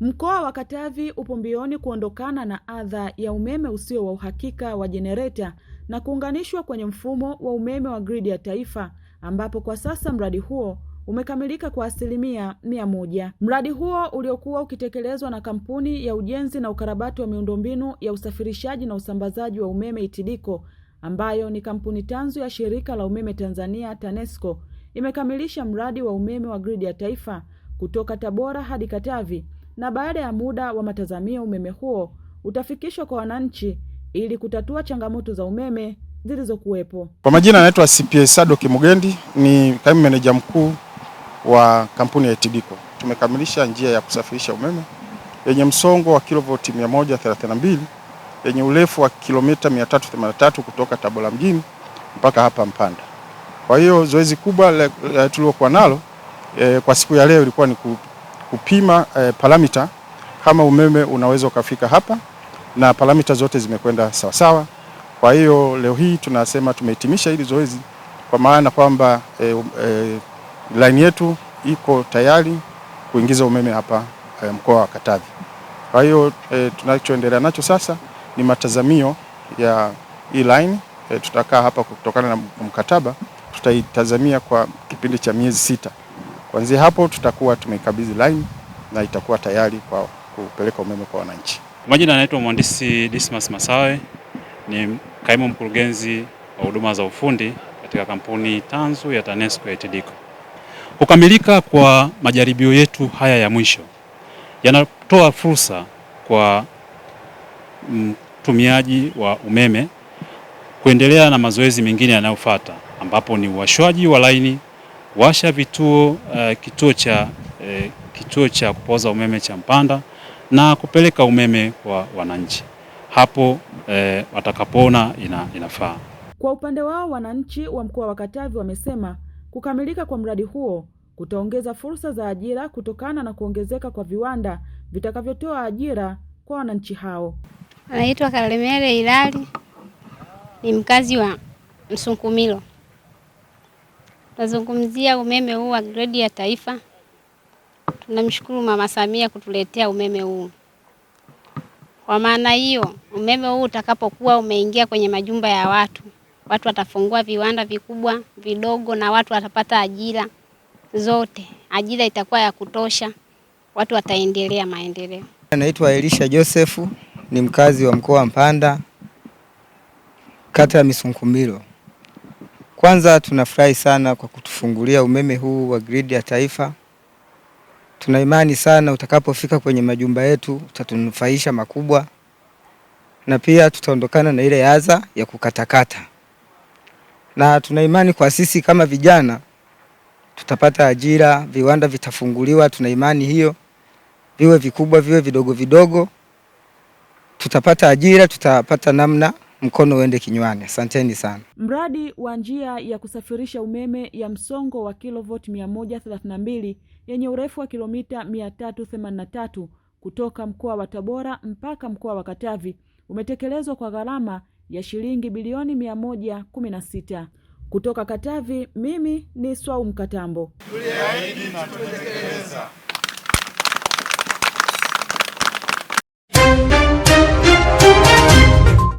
Mkoa wa Katavi upo mbioni kuondokana na adha ya umeme usio wa uhakika wa jenereta na kuunganishwa kwenye mfumo wa umeme wa gridi ya taifa ambapo kwa sasa mradi huo umekamilika kwa asilimia mia moja. Mradi huo uliokuwa ukitekelezwa na kampuni ya ujenzi na ukarabati wa miundombinu ya usafirishaji na usambazaji wa umeme itidiko ambayo ni kampuni tanzu ya shirika la umeme Tanzania TANESCO imekamilisha mradi wa umeme wa gridi ya taifa kutoka Tabora hadi Katavi na baada ya muda wa matazamio umeme huo utafikishwa kwa wananchi ili kutatua changamoto za umeme zilizokuwepo. Kwa majina anaitwa CPA Sado Kimugendi, ni kaimu meneja mkuu wa kampuni ya ETDCO. Tumekamilisha njia ya kusafirisha umeme yenye msongo wa kilovoti 132 yenye urefu wa kilomita 383 kutoka Tabora mjini mpaka hapa Mpanda. Kwa hiyo zoezi kubwa tuliokuwa nalo e, kwa siku ya leo ilikuwa ni kupima e, paramita kama umeme unaweza ukafika hapa na paramita zote zimekwenda sawasawa. Kwa hiyo leo hii tunasema tumehitimisha hili zoezi kwa maana kwamba e, e, laini yetu iko tayari kuingiza umeme hapa e, mkoa wa Katavi. Kwa hiyo e, tunachoendelea nacho sasa ni matazamio ya hii laini e, tutakaa hapa kutokana na mkataba tutaitazamia kwa kipindi cha miezi sita. Kuanzia hapo tutakuwa tumeikabidhi line na itakuwa tayari kwa kupeleka umeme kwa wananchi. Majina anaitwa Mhandisi Dismas Masawe, ni kaimu mkurugenzi wa huduma za ufundi katika kampuni tanzu ya TANESCO ya ETDCO. Kukamilika kwa majaribio yetu haya ya mwisho yanatoa fursa kwa mtumiaji wa umeme kuendelea na mazoezi mengine yanayofuata ambapo ni uwashwaji wa laini, kuwasha vituo uh, kituo cha uh, kituo cha kupoza umeme cha Mpanda na kupeleka umeme kwa wananchi hapo uh, watakapoona ina, inafaa. Kwa upande wao wananchi wa mkoa wa Katavi wamesema kukamilika kwa mradi huo kutaongeza fursa za ajira kutokana na kuongezeka kwa viwanda vitakavyotoa ajira kwa wananchi hao. Anaitwa Kalemele ilali ni mkazi wa Msunkumilo nazungumzia umeme huu wa gredi ya taifa. Tunamshukuru Mama Samia kutuletea umeme huu. Kwa maana hiyo, umeme huu utakapokuwa umeingia kwenye majumba ya watu, watu watafungua viwanda vikubwa, vidogo na watu watapata ajira zote. Ajira itakuwa ya kutosha, watu wataendelea maendeleo. Naitwa Elisha josefu ni mkazi wa mkoa wa Mpanda, kata ya Misunkumilo. Kwanza tunafurahi sana kwa kutufungulia umeme huu wa gridi ya taifa. Tuna imani sana utakapofika kwenye majumba yetu utatunufaisha makubwa, na pia tutaondokana na ile adha ya kukatakata, na tuna imani kwa sisi kama vijana tutapata ajira, viwanda vitafunguliwa. Tuna imani hiyo, viwe vikubwa viwe vidogo vidogo, tutapata ajira, tutapata namna mkono uende kinywani. Asanteni sana. Mradi wa njia ya kusafirisha umeme ya msongo wa kilovoti 132 yenye urefu wa kilomita 383 kutoka mkoa wa Tabora mpaka mkoa wa Katavi umetekelezwa kwa gharama ya shilingi bilioni 116. Kutoka Katavi, mimi ni Swau Mkatambo. Tuliahidi na